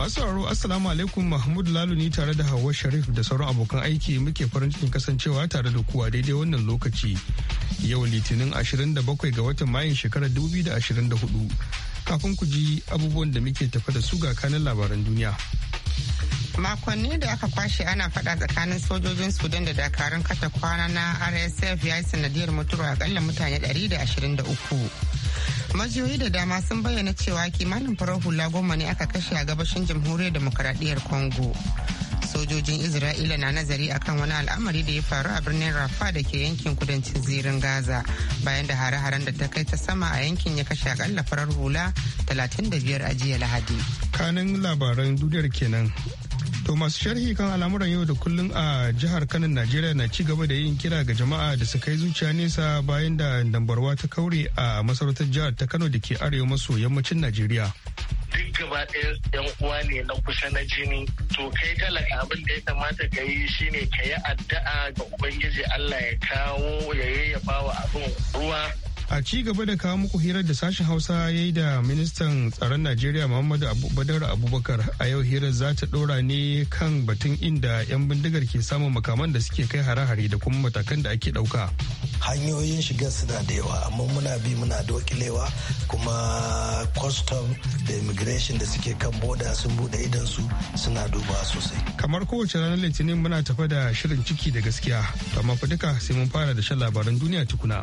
Masu sauraro Assalamu alaikum Mahmud Lalu ni tare da Hauwa Sharif da sauran abokan aiki muke farin cikin kasancewa tare da kuwa daidai wannan lokaci. Yau Litinin 27 ga watan Mayun shekarar 2024. Kafin ku ji abubuwan da muke tafa da su ga kanan labaran duniya. Makonni da aka kwashe ana fada tsakanin sojojin Sudan da dakarun kata kwana na RSF ya yi sanadiyar mutuwa akalla mutane 123. majiyoyi da dama sun bayyana cewa kimanin farar hula goma ne aka kashe a gabashin jamhuriyar demokaradiyyar congo sojojin isra'ila na nazari akan wani al'amari da ya faru a birnin rafa da ke yankin kudancin zirin gaza bayan da hare-haren da ta kai ta sama a yankin ya kashe akalla farar hula 35 a jiya lahadi kanin labaran duniyar kenan To masu sharhi kan al'amuran yau da kullun a jihar Kano Najeriya na ci gaba da yin kira ga jama'a da su kai zuciya nesa bayan da dambarwa ta kaure a masarautar jihar ta Kano da ke arewa maso yammacin Najeriya. Duk gaba ɗaya yan uwa ne na kusa na jini. To kai talaka abin da ya kamata ka yi shine ka yi addu'a ga Ubangiji Allah ya kawo ya yayyafa wa abin ruwa a ci gaba da kawo muku hirar da sashen hausa ya yi da ministan tsaron najeriya muhammadu badar abubakar a yau hirar za ta dora ne kan batun inda 'yan bindigar ke samun makaman da suke kai hare-hare da kuma matakan da ake dauka hanyoyin shiga suna da yawa amma muna bi muna dokilewa kuma custom da immigration da suke kan boda sun bude idan su suna duba sosai kamar kowace ranar litinin muna tafa da shirin ciki da gaskiya amma fa duka sai mun fara da shan labaran duniya tukuna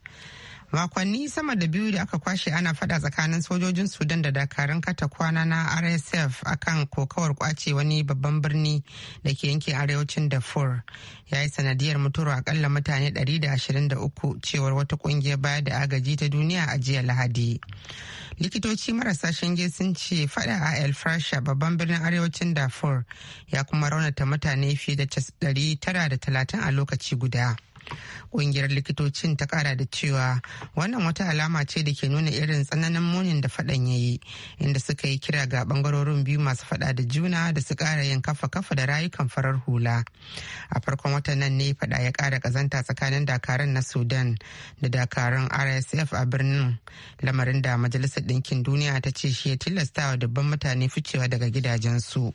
makonni sama da biyu da aka kwashe ana fada tsakanin sojojin sudan da dakarun kata kwana na rsf akan kokawar kwace wani babban birni da ke yankin arewacin darfur ya yi sanadiyar mutuwar akalla mutane 123 cewar wata kungiyar baya da agaji ta duniya a jiya lahadi likitoci marasa shinge sun ce fada a el frasha babban birnin arewacin darfur ya kuma raunata mutane fiye da 930 a lokaci guda. Ƙungiyar likitocin ta ƙara da cewa wannan wata alama ce da ke nuna irin tsananin munin da faɗan ya yi inda suka yi kira ga ɓangarorin biyu masu faɗa da juna da su ƙara yin kafa-kafa da rayukan farar hula. A farkon watan nan ne faɗa ya ƙara ƙazanta tsakanin dakaran na Sudan da dakaran RSF a birnin lamarin da Majalisar Ɗinkin Duniya ta ce shi ya tilastawa dubban mutane ficewa daga gidajensu.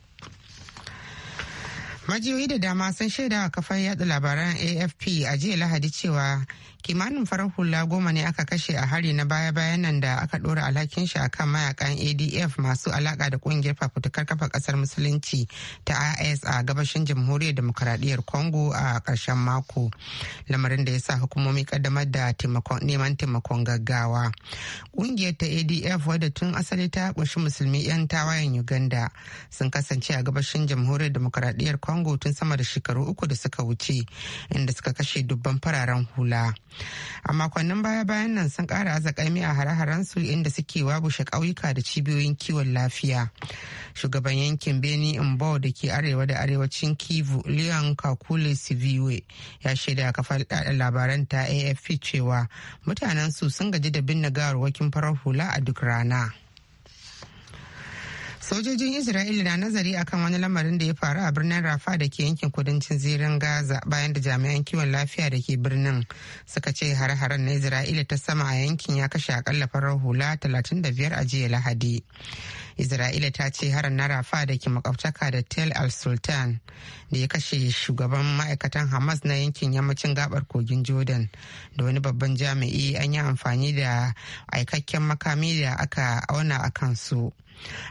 majiyoyi da dama sun shaida a kafar yada labaran afp a jiya lahadi cewa kimanin farar hula goma ne aka kashe a hari na baya-bayan nan da aka ɗora alhakin shi a kan mayakan adf masu alaka da kungiyar fafutukar kafa kasar musulunci ta is a gabashin jamhuriyar demokuraɗiyyar congo a karshen mako lamarin da ya sa hukumomi kaddamar da neman taimakon gaggawa kungiyar ta adf wadda tun asali ta kunshi musulmi 'yan tawayen uganda sun kasance a gabashin jamhuriyar demokuraɗiyyar congo tun sama da shekaru uku da suka wuce inda suka kashe dubban fararen hula. a makonnin baya-bayan nan sun kara azakami a hare harensu su inda suke wabushe ƙauyuka da cibiyoyin kiwon lafiya shugaban yankin beni imbo da ke arewa da arewacin kivu leon kakule siviwe ya shaida a kafar labaran ta afp cewa mutanensu sun gaji da binne gawarwakin farar hula a duk rana sojojin isra'ila na nazari akan wani lamarin da ya faru a birnin rafa da ke yankin kudancin zirin gaza bayan da jami'an kiwon lafiya da ke birnin suka ce har-haren na isra'ila ta sama a yankin ya kashe akalla farar hula 35 a jiya lahadi isra'ila ta ce harin na rafa da ke makwabtaka da tel al sultan da ya kashe shugaban ma'aikatan hamas na yankin yammacin gabar kogin jordan da wani babban jami'i an yi amfani da aikakken makami da aka auna a kansu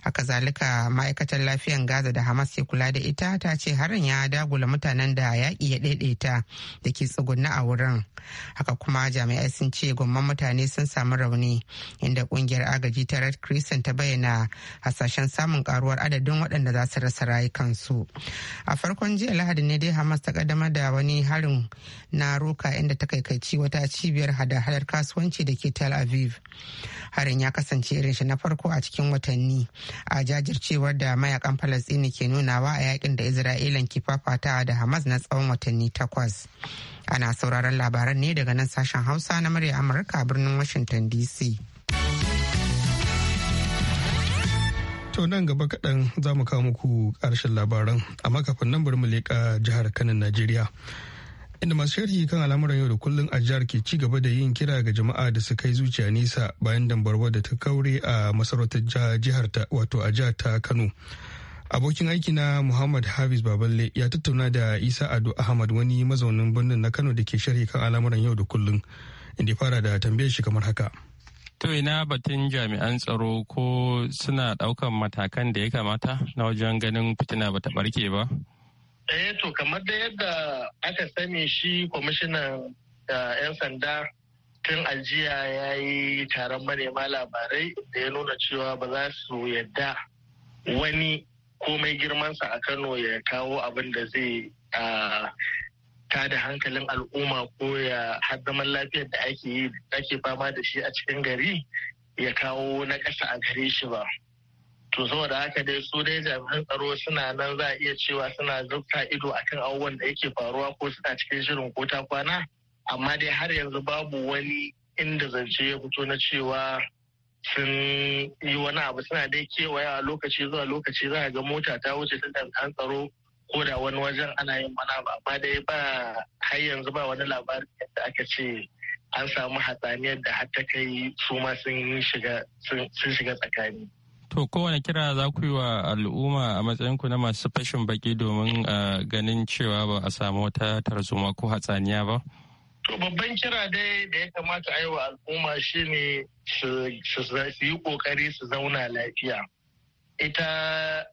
haka zalika ma'aikatar lafiyan gaza da hamas ya kula da ita ta ce harin ya dagula mutanen da yaƙi ya ɗaiɗaita da ke tsugunna a wurin haka kuma jami'ai sun ce gomman mutane sun samu rauni inda ƙungiyar agaji ta red crescent ta bayyana hasashen samun karuwar adadin waɗanda za su rasa rayukansu a farkon jiya lahadi ne dai hamas ta kaddamar da wani harin na roka inda ta kaikaici wata cibiyar hada-hadar kasuwanci da ke tel aviv harin ya kasance irin shi na farko a cikin watanni gani a jajircewar da mayakan falastini ke nunawa a yakin da isra'ilan ke fafatawa da hamas na tsawon watanni takwas ana sauraron labaran ne daga nan sashen hausa na murya amurka birnin washington dc to nan gaba kaɗan za mu kawo muku ƙarshen labaran amma kafin nan bari mu leƙa jihar kanan najeriya inda masu sharhi kan al'amuran yau da kullun a jihar ke ci gaba da yin kira ga jama'a da su kai zuciya nisa bayan dambarwa da ta kaure a masarautar jihar ta wato a jihar ta kano abokin aiki na muhammad hafiz baballe ya tattauna da isa ado ahmad wani mazaunin birnin na kano da ke sharhi kan al'amuran yau da kullun inda ya fara da tambayar shi kamar haka To ina batun jami'an tsaro ko suna daukan matakan da ya kamata na wajen ganin fitina bata barke ba? Eh to kamar da yadda aka sani shi kwamishinan eh, yan sanda tun aljiya ya yi taron manema labarai da ya nuna cewa ba za su yadda wani komai girmansa a Kano ya kawo abin da zai ah, da hankalin al'umma ko ya haddaman lafiyar da ake fama da shi a cikin gari ya kawo na ƙasa a gare shi ba. to saboda haka dai su dai jami'an tsaro suna nan za a iya cewa suna zubta ido akan abubuwan da yake faruwa ko suna cikin shirin ko ta kwana amma dai har yanzu babu wani inda zance ya fito na cewa sun yi wani abu suna dai kewaya a lokaci zuwa lokaci za a ga mota ta wuce ta jami'an tsaro ko da wani wajen ana yin wani abu amma dai ba har yanzu ba wani labarin yadda aka ce an samu hatsaniyar da har ta kai su ma sun shiga tsakani. To kowane kira za ku yi wa al'umma a matsayinku na masu fashin baki domin eh, ganin cewa ba a samu wata tarzoma ko hatsaniya ba? To babban kira dai da ya kamata a yi wa al'umma shi ne su yi kokari su zauna lafiya. Ita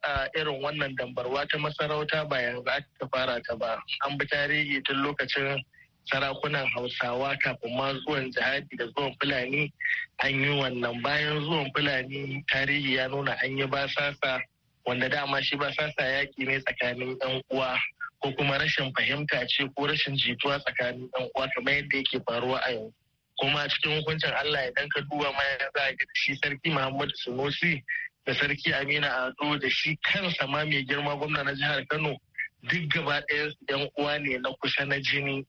a eh, irin wannan dambarwa ta masarauta ba yanzu aka fara ta ba. An bi tarihi tun lokacin sarakunan hausawa kafin ma zuwan jihadi da zuwan fulani an yi wannan bayan zuwan fulani tarihi ya nuna an yi basasa wanda dama shi basasa yaƙi ne tsakanin yan uwa ko kuma rashin fahimta ce ko rashin jituwa tsakanin yan uwa kamar yadda yake faruwa a yau. kuma cikin hukuncin Allah idan ka duba ma za a ga shi sarki Muhammadu Sunusi da sarki Amina Ado da shi kansa ma mai girma gwamna na jihar Kano duk gaba ɗaya yan uwa ne na kusa na jini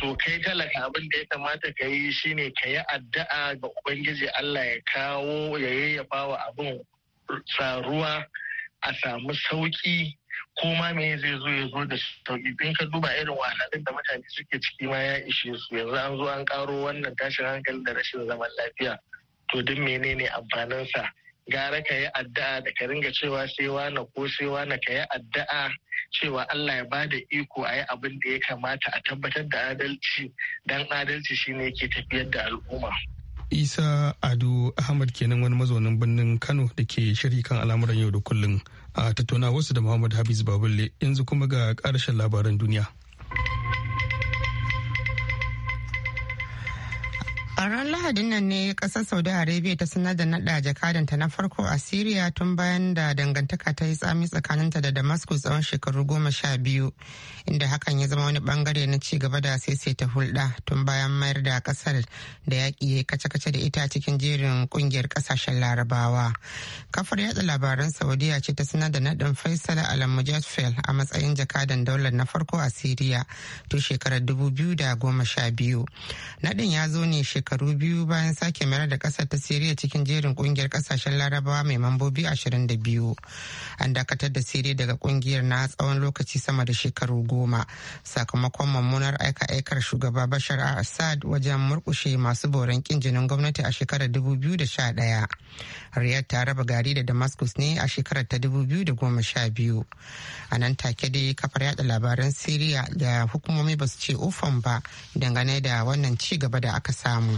to kai talaka abin da ya kamata ka yi shine ka yi addu'a ga ubangiji Allah ya kawo ya yayyafa wa abin tsaruwa a samu sauki ko ma me zai zo ya zo da sauki in ka duba irin wahalhalun da mutane suke ciki ma ya ishe su yanzu an zo an karo wannan tashin hankali da rashin zaman lafiya to duk menene amfaninsa gara ka yi addu'a da ka ringa cewa sai na ko sai na ka yi addu'a cewa Allah ya ba da iko a yi abin da ya kamata a tabbatar da adalci don adalci shine yake tafiyar da al'umma. Isa Ado Ahmad kenan wani mazaunin birnin Kano da ke shiri kan al'amuran yau da kullum a tattauna wasu da Muhammad habiz Babulle yanzu kuma ga ƙarshen labaran duniya. A ran Lahadin nan ne kasar Saudi Arabia ta sanar da naɗa jakadanta na farko a Siriya tun bayan da dangantaka ta yi tsami tsakaninta da Damascus tsawon shekaru goma sha biyu, inda hakan ya zama wani bangare na ci gaba da ta hulɗa tun bayan mayar da kasar da yaƙi ya kace-kace da ita cikin jerin ƙungiyar ƙasashen Larabawa. Kafar yatsa labaran Saudiya ce ta sanar da naɗin Faisal Al-Mujaffel a matsayin jakadan daular na farko a Siriya tun shekarar dubu biyu da goma sha biyu. Naɗin ya zo ne shekaru shekaru biyu bayan sake mayar da kasar ta siriya cikin jerin kungiyar kasashen larabawa mai mambobi 22 an dakatar da siriya daga kungiyar na tsawon lokaci sama da shekaru goma sakamakon mummunar aika-aikar shugaba bashar assad wajen murkushe masu boran kin jinin gwamnati a shekarar 2011 riyad ta raba gari da damascus ne a shekarar ta 2012 a nan take dai kafar yada labaran siriya da hukumomi ba su ce ufan ba dangane da wannan ci gaba da aka samu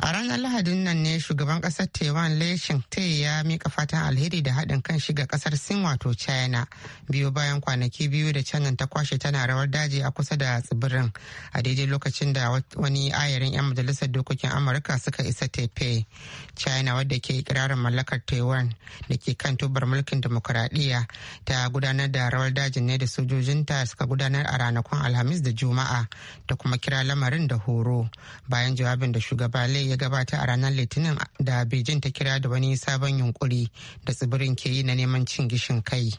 A ranar Lahadin nan ne shugaban kasar Taiwan Lai Te ya mika fatan alheri da haɗin kan shiga kasar Sin wato China biyu bayan kwanaki biyu da canin ta kwashe tana rawar daji a kusa da tsibirin a daidai lokacin da wani ayarin 'yan majalisar dokokin Amurka suka isa Taipei. China wadda ke ikirarin mallakar Taiwan da ke kan tubar mulkin demokuraɗiyya ta gudanar da rawar dajin ne da sojojinta suka gudanar a ranakun Alhamis da Juma'a da kuma kira lamarin da horo bayan jawabin da shugaba Lai ya gabata a ranar litinin da beijing ta kira da wani sabon yunkuri da tsibirin ke yi na neman cin gishin kai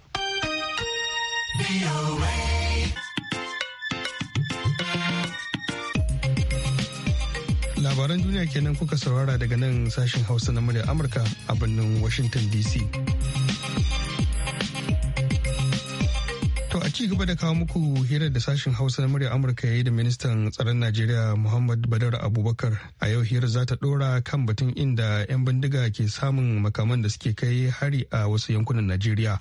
labaran duniya kenan kuka saurara daga nan sashen hausa na murya amurka a birnin washington dc To a ci gaba da kawo muku hirar da sashen Hausa na murya Amurka ya yi da ministan tsaron Najeriya Muhammad Badar Abubakar a yau hirar za ta dora kan batun inda 'yan bindiga ke samun makaman da suke kai hari a wasu yankunan Najeriya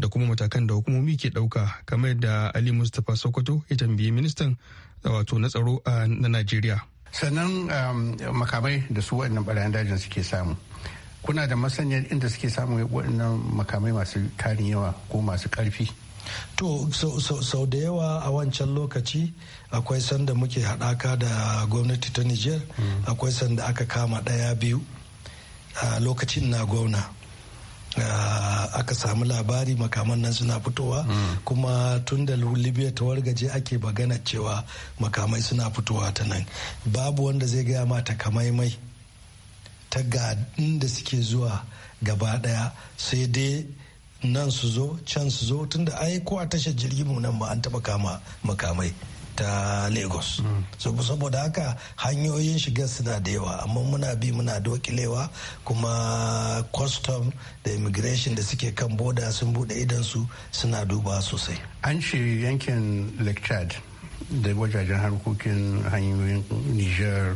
da kuma matakan da hukumomi ke ɗauka kamar da Ali Mustapha Sokoto ya tambayi ministan wato na tsaro na Najeriya. Sannan um, makamai da su waɗannan ɓarayen dajin suke samu. Kuna da masaniyar inda suke samun waɗannan makamai masu tarin yawa ko masu ƙarfi. to sau da yawa a wancan lokaci akwai sanda muke haɗaka da gwamnati ta niger mm. akwai sanda aka kama ɗaya biyu a lokacin na gwamna aka samu labari makaman nan suna fitowa mm. kuma tun da libya ta wargaje ake magana cewa makamai suna fitowa ta nan babu wanda zai gaya mata kamai mai ta ga inda suke zuwa gaba daya sai dai nan su zo can su zo tunda ai ko a tashar jirgin mu nan ba an taba kama makamai ta lagos so saboda haka hanyoyin shigar suna da yawa amma muna bi muna dokilewa kuma custom da immigration da suke kan boda sun bude su suna duba sosai an ce yankin lake chad da wajajen harkokin hanyoyin niger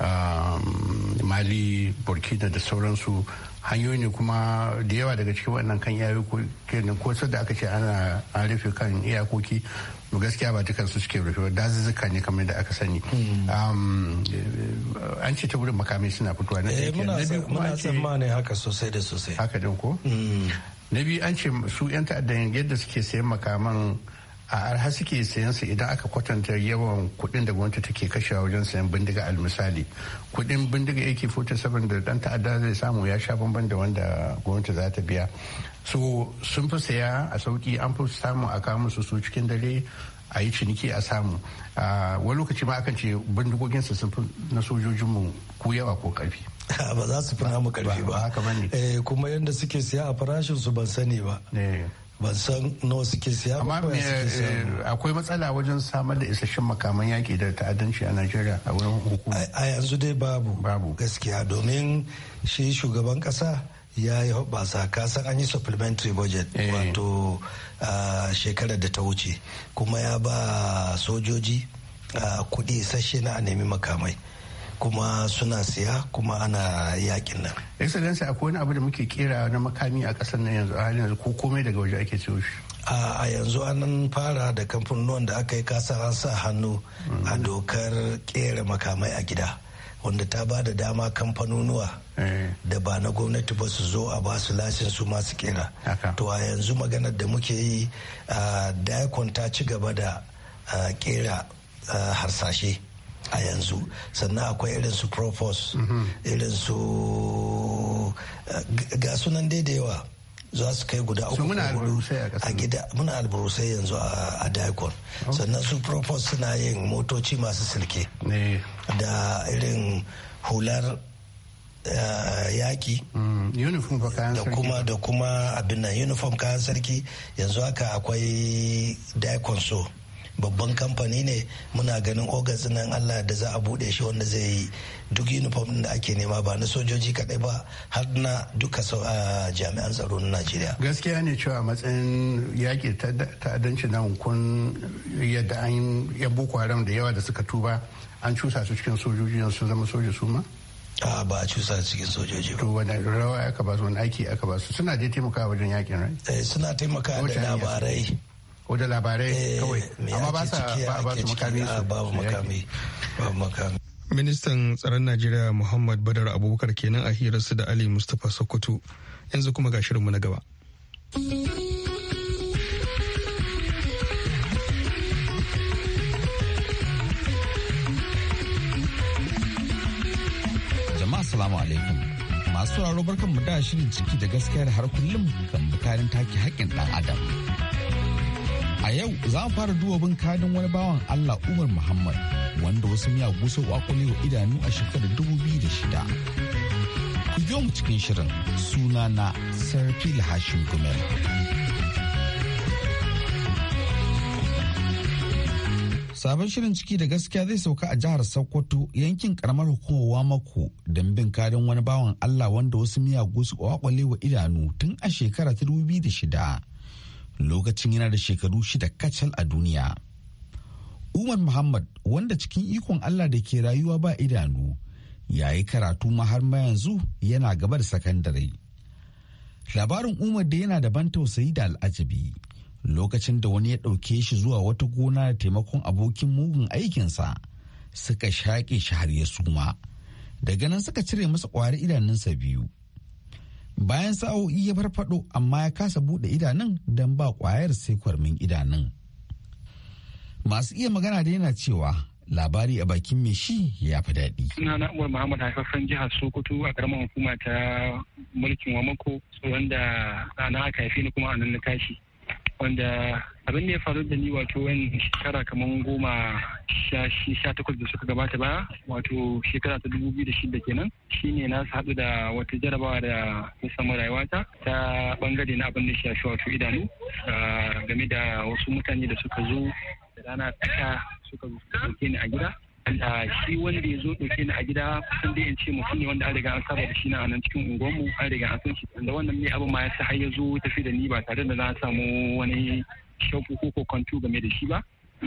um, mali burkina da sauransu hanyoyi ne kuma da yawa daga cikin wannan kan iyakokin ko da aka ce ana an rufe kan iyakoki gaskiya ba dukan su suke rufe dazuzzuka ne kamar da aka sani hmm. eh, an ce ta wurin makamai suna fitowa na eh, kuma ne haka sosai da sosai haka din ko hmm. na biyu an ce su yan ta'addan yadda suke sayan makaman a arha suke sayan su idan aka kwatanta yawan kuɗin da gwamnati take kashewa wajen sayan bindiga al misali kuɗin bindiga yake fota da dan ta'adda zai samu ya sha bamban da wanda gwamnati za ta biya so sun fi saya a sauki an fi samu a kawo musu su cikin dare a yi ciniki a samu wani lokaci ma akan ce bindigoginsu sun fi na sojojinmu ko yawa ko karfi ba za su fi namu karfi ba eh, kuma yadda suke saya a farashin su ban sani ba eh. ban san nawa suke siya amma eh, akwai matsala wajen samar da isasshen makaman yaƙi da ta'addanci a najeriya a wurin hukuma a yanzu dai babu babu gaskiya domin shi shugaban ƙasa ya yi hoɓasa kasan an yi supplementary budget eh. wato shekarar da ta wuce kuma ya ba sojoji kuɗi isasshe na a nemi makamai kuma suna siya kuma ana yakin nan excellency akwai wani abu da muke kera na makami a kasar nan yanzu a yanzu ko komai daga waje ake ciwo shi a yanzu an fara da kamfanin da aka yi kasa an sa hannu a mm. dokar kera makamai a gida wanda ta ba da dama kamfanonuwa eh. da ba na gwamnati ba su zo a ba su lashin su masu kera to a yanzu maganar da muke yi daikon ta ci gaba da kera harsashe a yanzu sannan akwai irin su propos irin su eh, ga sunan da yawa za su kai guda uku a gida muna alburusai yanzu a daikon oh. sannan su propos suna yin motoci masu silke da irin hular eh, yaki mm, da kuma da kuma abin nan uniform kayan sarki yanzu haka akwai daikon so babban kamfani ne muna ganin ogas nan allah da za a bude shi wanda zai yi duk uniform din da ake nema ba na sojoji kadai ba har na duka jami'an tsaro na najeriya gaskiya ne cewa matsayin yaƙi ta'addanci nan kun yadda an yan boko haram da yawa da suka tuba an cusa su cikin sojoji su zama soja su ma a ba a cusa cikin sojoji to wani rawa aka ba su wani aiki aka ba su suna dai taimakawa wajen yakin rai eh, suna taimakawa da labarai ko da labarai eh, kawai amma ba sa ba su makami ah, su makami babu makami ministan tsaron najeriya muhammad badar abubakar kenan a hirarsu da ali mustapha sokoto yanzu kuma ga shirinmu na gaba jama'a salamu alaikum masu sauraro barkan mu da shirin ciki da gaskiyar har kullum kan bukarin take haƙƙin ɗan adam A yau za mu fara duwabin kadin wani bawan Allah Umar Muhammad wanda wasu miya sau kwakwale wa idanu a shekarar shida. Ku biyo mu cikin shirin suna na Sarfi Hashim Gumel. Sabon shirin ciki da gaskiya zai sauka a jihar Sokoto yankin karamar hukumar mako don bin kadin wani bawan Allah wanda wasu miya su kwakwale wa idanu tun a shekara ta shida. lokacin yana da shekaru shida kacal a duniya. Umar Muhammad wanda cikin ikon Allah da ke rayuwa ba idanu ya yi karatu ma har ma yanzu yana gaba da sakandare. Labarin Umar da yana da ban tausayi da al'ajabi lokacin da wani ya ɗauke shi zuwa wata gona da taimakon abokin mugun aikinsa suka shaƙe shi har ya suma. Daga nan suka cire masa ƙwari idanunsa biyu. bayan sa'o'i ya farfado amma ya kasa bude idanun don ba kwayar sai kwarmin idanun masu iya magana da yana cewa labari a bakin mai shi ya fi daɗi. Suna na Umar Muhammad haifafen jihar Sokoto a karamar hukuma ta mulkin Wamako wanda na aka haife ni kuma a nan na tashi wanda abin da ya faru da ni wato wani shekara kamar goma sha takwas da suka gabata ba wato shekara ta dubu biyu da shida kenan shine na haɗu da wata jarabawa da ya samu rayuwata ta bangare na abin da shi shi wato idanu game da wasu mutane da suka zo da rana ta suka zo ni a gida da shi wanda ya zo ɗauke ni a gida kusan dai in ce mutum ne wanda an riga an saba da shi na nan cikin unguwarmu an riga an san shi da wannan ne abin ma ya sa har ya zo tafi da ni ba tare da na samu wani shauku ko kokonto game da shi ba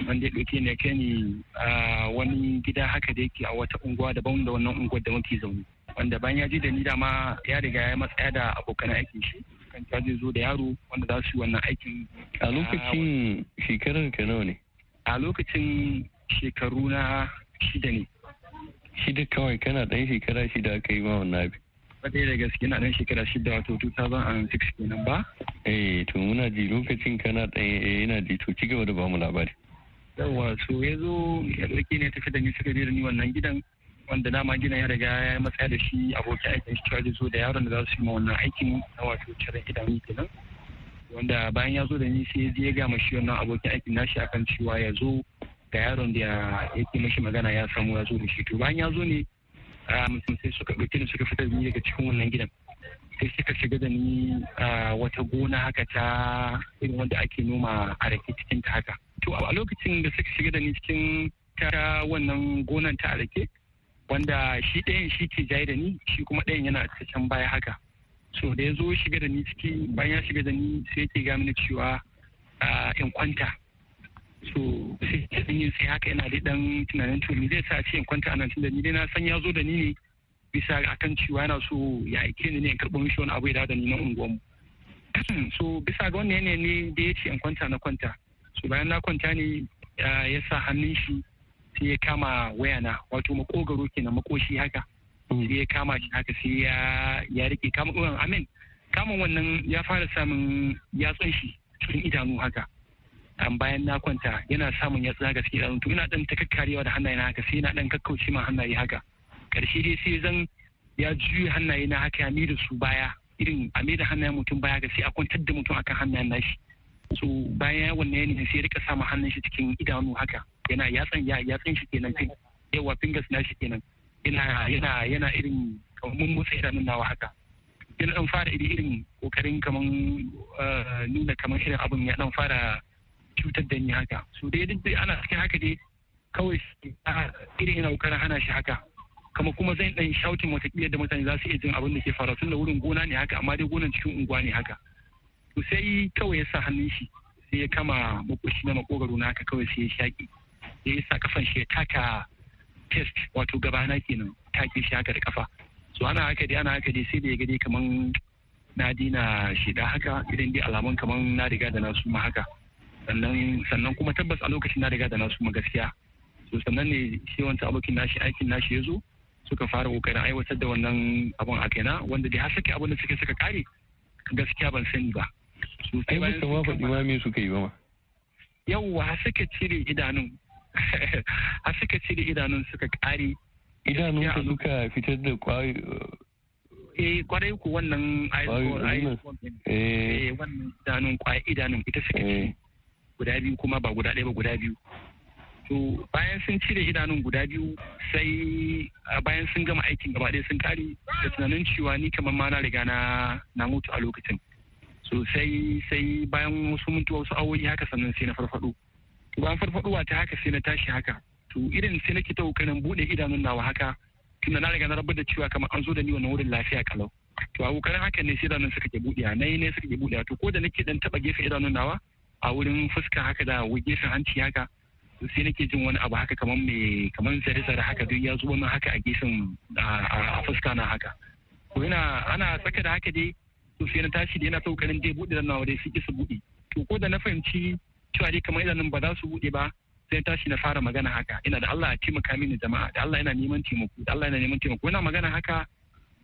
wanda ya ɗauke ne kai ni a wani gida haka da yake a wata unguwa daban da wannan unguwar da muke zaune wanda bayan ya je da ni dama ya riga ya matsaya da abokan aikin shi kan ta zai zo da yaro wanda za su yi wannan aikin a lokacin shekarar ka nawa ne a lokacin shekaru na shida ne shida kawai kana ɗan shekara shida aka yi ma wannan abin kwaɗe da gaske na ɗan shekara shida wato 2006 kenan ba. Eh to muna ji lokacin kana eh, yana ji to cigaba da bamu labari. Yawwa so ya zo ya ɗauke ne tafi da ni suka da ni wannan gidan wanda dama gidan ya riga ya matsaya da shi abokin aikin shi cewa zo da yaron da za su yi ma wannan aikin na wato cire idanu kenan. Wanda bayan ya zo da ni sai ya ga ma shi wannan abokin aikin nashi akan cewa ya zo Da yaron da ya yake mashi magana ya samu ya zo da shi to bayan ya zo ne sai suka ɗauki suka fita da ni daga cikin wannan gidan sai suka shiga da ni wata gona haka ta irin wanda ake noma a rake cikin ta haka to a lokacin da suka shiga da ni cikin ta wannan gonan ta rake wanda shi ɗayan shi ke jaye da ni shi kuma ɗayan yana can baya haka so da ya zo shiga da ni ciki bayan ya shiga da ni sai yake ga mini cewa in kwanta so sai yin sai haka yana da dan tunanin to zai sa ce in kwanta anan tunda ni dai na san ya zo da ni ne bisa akan cewa yana so ya aike ni ne in karɓo mishi wani abu ya da ni na unguwan mu so bisa ga wannan yanayi ne da ya ce in kwanta na kwanta so bayan na kwanta ne ya sa hannun shi sai ya kama na wato makogaro kenan makoshi haka mm. sai ya kama shi haka sai ya rike kama amin kama wannan ya fara samun yatsun shi cikin idanu haka kan bayan na kwanta yana samun ya tsaga cikin idanu to ina dan ta kakkarewa da hannaye na haka sai ina dan kakkauce ma hannaye haka karshe dai sai zan ya juye hannaye na haka ya mida su baya irin a mida hannayen mutum baya ga sai a kwantar da mutum akan hannayen nashi so bayan wannan yanayin sai rika sama hannun shi cikin idanu haka yana yatsan ya yatsan shi kenan fin yawa fingers nashi kenan yana yana yana irin mun motsa idanun nawa haka yana dan fara irin irin kokarin kaman eh, nuna kaman irin abun ya dan fara cutar da ni haka su dai duk ana cikin haka dai kawai irin yana kokarin hana shi haka kama kuma zan dan shautin kiyar da mutane za su iya jin abin da ke faru tun da wurin gona ne haka amma dai gonan cikin unguwa ne haka to sai kawai ya sa hannun shi sai ya kama makoshi na makogaro na haka kawai sai ya shaki sai ya sa kafan shi ya taka test wato gabana kenan take shi haka da kafa so ana haka dai ana haka dai sai da ya gani kaman na dina shida haka idan dai alamun kaman na riga da na suma haka sannan sannan kuma tabbas a lokacin na riga da nasu kuma gaskiya so sannan ne shi wancan abokin nashi aikin nashi ya zo suka fara kokarin aiwatar da wannan abun a kaina wanda dai har sake abin da suke suka kare gaskiya ban sani ba ai ba ta wafa me suka yi ba ma yawwa har suka cire idanun har suka cire idanun suka kare idanun ka suka fitar da kwai uh, eh kwarai ku wannan iPhone iPhone eh. eh wannan idanun kwai idanun ita suka eh. cire guda biyu kuma ba guda ɗaya ba guda biyu to bayan sun cire idanun guda biyu sai bayan sun gama aikin gaba ɗaya sun kare da tunanin cewa ni kamar ma na riga na na mutu a lokacin so sai sai bayan wasu mutu wasu awoyi haka sannan sai na farfado to bayan farfaduwa ta haka sai na tashi haka to irin sai ke ta kokarin bude idanun nawa haka tunda na riga na rabu da cewa kamar an zo da ni wannan wurin lafiya kalau to a kokarin haka ne sai idanun suka ke buɗewa na yi ne suka ke buɗewa to ko da nake dan taɓa gefe idanun nawa a wurin fuska haka da gefen hanci haka sai nake jin wani abu haka kamar mai kamar zare zare haka duk ya zuba min haka a gefen a fuska na haka to yana ana tsaka da haka dai to sai na tashi da yana ta kokarin dai bude nawa dai sai su bude to ko da na fahimci cewa dai kamar idanun ba za su bude ba sai tashi na fara magana haka ina da Allah ya taimaka mini jama'a da Allah yana neman taimako da Allah yana neman taimako ina magana haka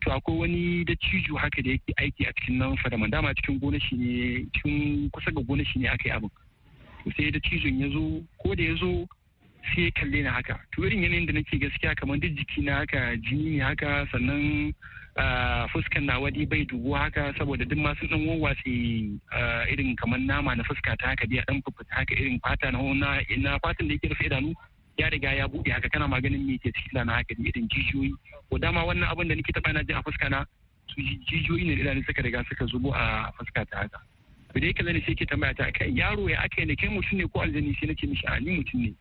to akwai wani ciju haka da yake aiki a cikin nan da dama cikin gona shi ne cikin kusa ga gona shi ne aka yi abin to sai dattijon ya zo ko da ya zo sai ya kalle ni haka to irin yanayin da nake gaskiya kamar duk jiki na haka jini ne haka sannan fuskan na wadi bai dubu haka saboda duk masu dan wawwatse irin kamar nama na fuska ta haka dai a dan fufuta haka irin fata na na fatan da yake rufe idanu ya riga ya buɗe haka kana maganin me ke cikin na haka irin jijiyoyi ko dama wannan abin da nake taɓa na ji a fuska na su jijiyoyi ne da idanu suka riga suka zubo a fuska ta haka to dai kallon ne sai ke tambaya ta kai yaro ya aka ne kai mutum ne ko aljani sai nace mishi a ni mutum ne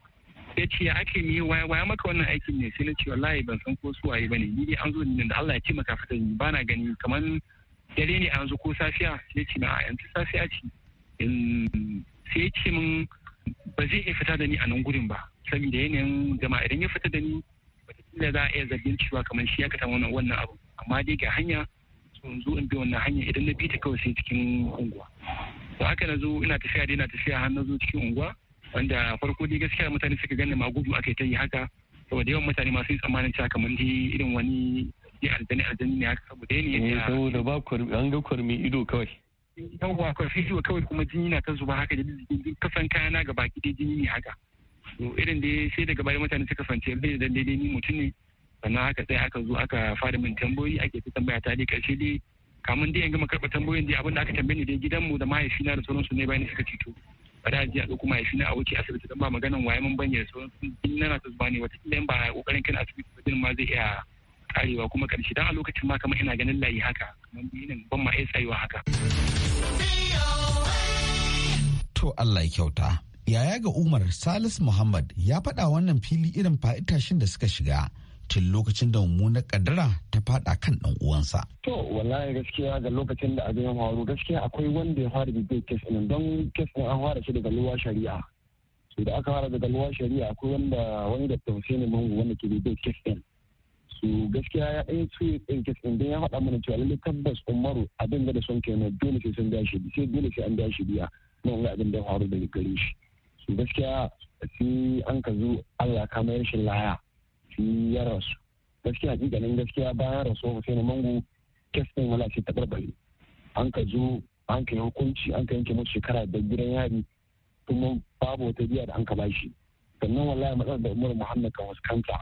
sai ce ya ake me waya waya maka wannan aikin ne sai nace wallahi ban san ko su waye bane ni dai an zo ne da Allah ya ce maka fita ni na gani kamar dare ne an zo ko safiya sai ce na a yanzu safiya ce sai ce min ba zai iya fita da ni a nan gurin ba da yanayin jama'a idan ya fita da ni wataƙila za a iya zargin cewa kamar shi ya kata wannan abu amma dai ga hanya su zo in bi wannan hanya idan na bi ta kawai sai cikin unguwa to haka na zo ina tafiya dai ina tafiya har na zo cikin unguwa wanda farko dai gaskiya mutane suka gane ma gudu aka ta yi haka saboda yawan mutane masu tsammanin cewa kamar dai irin wani ya aljani aljani ne haka saboda ne ya eh, saboda ba an ga kwarmi ido kawai yawwa kwarfi ido kawai kuma jini na ta zuba haka da jini kasan kayana ga baki dai jini ne haka irin da sai daga baya mutane suka fanci yarda da daidai ni mutum ne sannan haka sai aka zo aka fara min tambayoyi ake ta tambaya ta dai karshe dai kamun dai yanzu gama karɓar tambayoyin dai abinda aka tambaye ni dai gidanmu da mahaifina da sauransu ne bayan suka Ba bari a ko kuma mahaifina a wuce asibiti don ba maganan waye mun banye da sauransu din nana ta zuba ne wataƙila in ba kokarin kan asibiti ba ma zai iya karewa kuma karshe dan a lokacin ma kamar ina ganin layi haka kamar binin ban ma iya tsayuwa haka. To Allah ya kyauta. yaya ga umar salis muhammad ya faɗa wannan fili irin fa'itashin da suka shiga tun lokacin da mummunar kaddara ta fada kan dan uwansa. To wallahi gaskiya ga lokacin da abin ya faru gaskiya akwai wanda ya fara bibiyar kes ɗin don kes ɗin an fara shi daga luwa shari'a. Su da aka fara daga luwa shari'a akwai wanda wani da tausayi ne mangu wanda ke bibiyar kes ɗin. Su gaskiya ya ɗaya su ɗin kes ɗin don ya faɗa mana cewa lallai tabbas Umaru abin da son kenan dole sai sun biya shi sai dole sai an biya shi biya. Nan ga abin da ya faru daga gare shi. gaskiya sai an ka zo allah ka mayar rashin laya sai ya rasu gaskiya ganin gaskiya bayan rasu hussein Mangu kes ɗin wala shi ta barbare an ka zo an ka yi hukunci an ka yanke musu shekara da gidan yari kuma babu wata biya da an ka bashi sannan wallahi matsalar da umar muhammad kan wasu kanta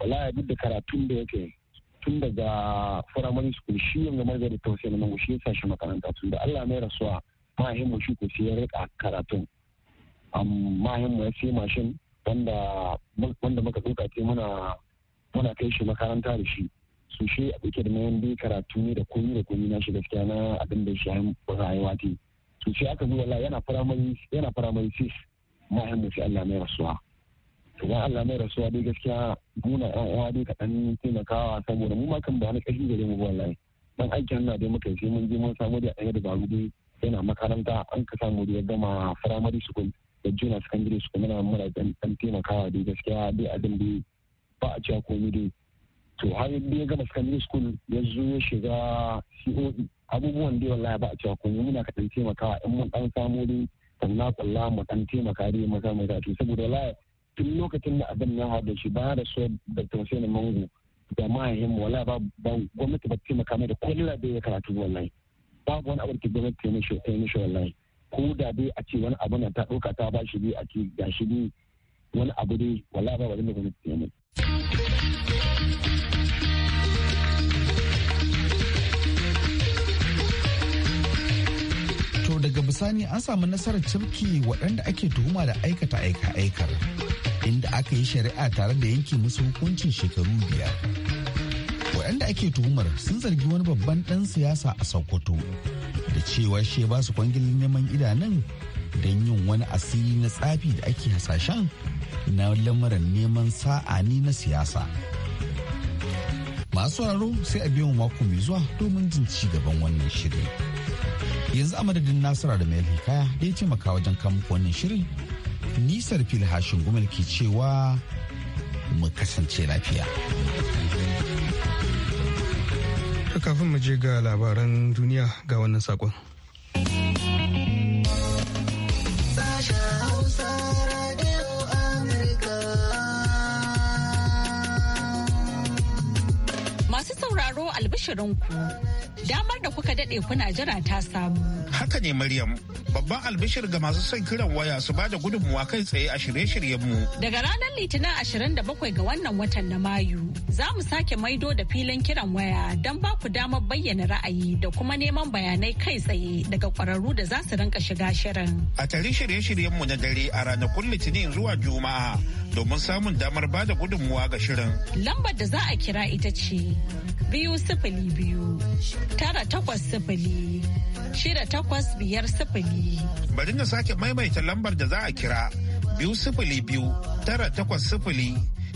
wallahi duk da karatun da yake tun daga firamare school shi yin gamar da ta na Mangu shi ya sa shi makaranta tun da allah mai rasuwa mahimmin shi ko sai ya rika karatun mahin mu sai mashin wanda muka duka ce muna kai shi makaranta da shi su shi a duke da mayan bi karatu ne da kuni da kuni na shi gaskiya na abin da shi rayuwa ce su shi aka zuwa la yana firamare yana sis mu sai Allah mai rasuwa to ba Allah mai rasuwa dai gaskiya muna yan uwa dai kaɗan taimakawa saboda mu ma kan ba na da gare mu wallahi dan aikin na dai muka yi sai mun je mun samu da ɗaya dabaru dai yana makaranta an ka samu da ya gama firamare school da juna secondary su muna muna dan taimakawa dai gaskiya dai abin da ba a cewa komai dai to har yadda ya gama secondary school ya zo ya shiga COE abubuwan dai wallahi ba a cewa komai muna ka kaɗan taimakawa in mun ɗan samu dai sannan kwalla mu ɗan taimaka dai mu samu da saboda wallahi tun lokacin da abin ya haɗa shi ba da so da tausayin mango da mahimmu wallahi ba gwamnati ba taimaka mai da kullum da ya karatu wallahi babu wani abu da gwamnati ta yi mishi wallahi ko da dai a ce wani abu na ta ɗauka ta ba shi a ce ga shi ne wani abu dai wala ba wani da gwamnati ne. To daga bisani an samu nasarar cirki waɗanda ake tuhuma da aikata aika-aikar inda aka yi shari'a tare da yanke musu hukuncin shekaru biyar. waɗanda ake tuhumar sun zargi wani babban ɗan siyasa a Sokoto da cewa shi ba su kwangilin neman idanun don yin wani asiri na tsafi da ake hasashen na lamarin neman sa'a ne na siyasa masu sauraro sai a biyan mako mai zuwa domin jin ci gaban wannan shirin yanzu a madadin nasara da mai hikaya da ya taimaka wajen kama wannan shirin nisar fil hashin ke cewa mu kasance lafiya. kafin mu je ga labaran duniya ga wannan sakon. Masu sauraro ku damar da kuka daɗe kuna jira ta samu. Haka ne Maryam, babban albishir ga masu son kiran waya su ba da gudunmuwa kai tsaye a shirye-shiryenmu. Daga ranar Litinin ashirin da bakwai ga wannan watan na Mayu, za mu sake maido da filin kiran waya don ba ku damar bayyana ra'ayi da kuma neman bayanai kai tsaye daga kwararru da za su rinka shiga shirin. A tare shirye mu na dare a ranakun Litinin zuwa Juma'a domin samun damar ba da gudunmuwa ga shirin. Lambar da za a kira ita ce biyu sifili biyu tara takwas sifili shida takwas biyar sifili. Bari na sake maimaita lambar da za a kira biyu sifili biyu tara takwas sifili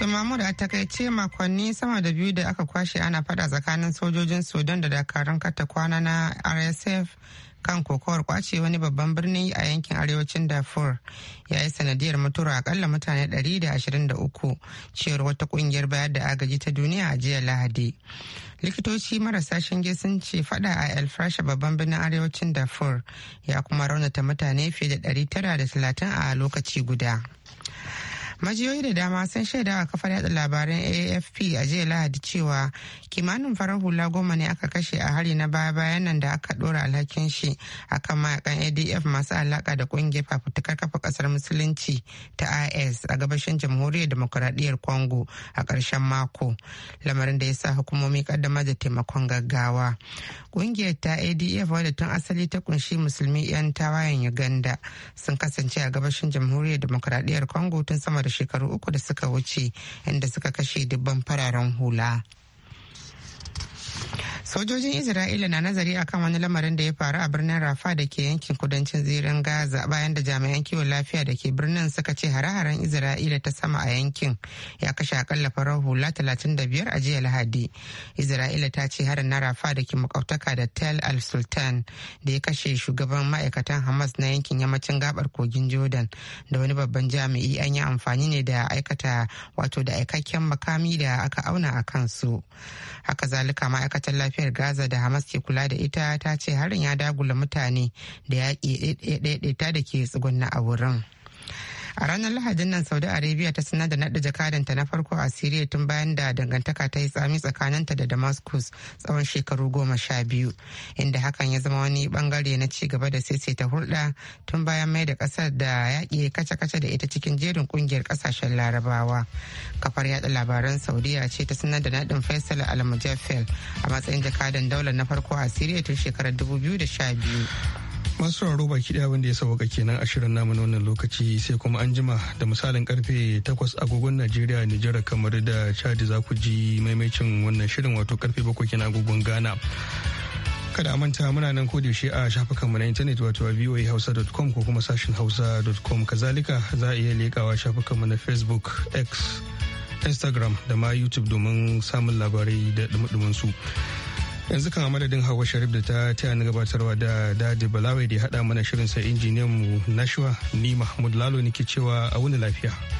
To Mahmud a takaice makonni sama da biyu da aka kwashe ana fada tsakanin sojojin Sudan da dakarun kata kwana na RSF kan kokowar kwace wani babban birni a yankin arewacin Darfur ya yi sanadiyar mutuwar akalla mutane 123 cewar wata kungiyar bayar da agaji ta duniya a jiya Lahadi. Likitoci marasa shinge sun ce fada a El Fasha babban birnin arewacin Darfur ya kuma raunata mutane fiye da 930 a lokaci guda. majiyoyi da dama sun shaida a kafar yada labaran afp a jiya lahadi cewa kimanin farar hula goma ne aka kashe a hari na baya bayan nan da aka dora alhakin shi akan mayakan adf masu alaka da kungiyar fafutukar kafa kasar musulunci ta is a gabashin jamhuriyar demokuraɗiyyar congo a ƙarshen mako lamarin da ya sa hukumomi kaddamar da taimakon gaggawa kungiyar ta adf wadda tun asali ta kunshi musulmi 'yan tawayen uganda sun kasance a gabashin jamhuriyar demokuraɗiyyar congo tun sama da shekaru uku da suka wuce inda suka kashe dubban fararen hula. sojojin isra'ila na nazari akan wani lamarin da ya faru a birnin rafa da ke yankin kudancin zirin gaza bayan da jami'an kiwon lafiya da ke birnin suka ce hare-haren isra'ila ta sama a yankin ya kashe akalla farar hula 35 a jiya lahadi isra'ila ta ce harin na rafa da ke makautaka da tel al sultan da ya kashe shugaban ma'aikatan hamas na yankin yammacin gabar kogin jordan da wani babban jami'i an yi amfani ne da aikata wato da aikakken makami da aka auna a kansu haka zalika ma'aikatar lafiyar gaza da hamas ke kula da ita ta ce harin ya dagula mutane da yaƙi ɗaiɗaita da ke tsugunna a wurin. a ranar lahadin nan saudi arabia ta sanar da naɗa jakadanta na farko a siriya tun bayan da dangantaka ta yi tsami tsakaninta da damascus tsawon shekaru goma sha biyu inda hakan ya zama wani bangare na ci gaba da ta hulɗa tun bayan mai da ƙasar da yaƙi kace-kace da ita cikin jerin ƙungiyar ƙasashen larabawa kafar yaɗa labaran saudiya ce ta sanar da naɗin faisal al-mujaffel a matsayin jakadan daular na farko a siriya tun shekarar da sha biyu. masu sauraro baki daya wanda ya sauka kenan a shirin namu na wannan lokaci sai kuma an jima da misalin karfe 8 agogon Najeriya Nijar kamar da Chad za ku ji maimacin wannan shirin wato karfe 7 kenan agogon Ghana. Kada manta muna nan ko yaushe a mu na intanet wato a voahausa.com ko kuma sashin hausa.com kazalika za a iya lekawa mu na Facebook X Instagram da ma YouTube domin samun labarai da dumudumin su. yanzu kan madadin hawa sharif da ta taya ni gabatarwa da dadi balawai da ya haɗa mana shirin sai injiniyan mu nashwa ni mahmud lalo nake cewa a wuni lafiya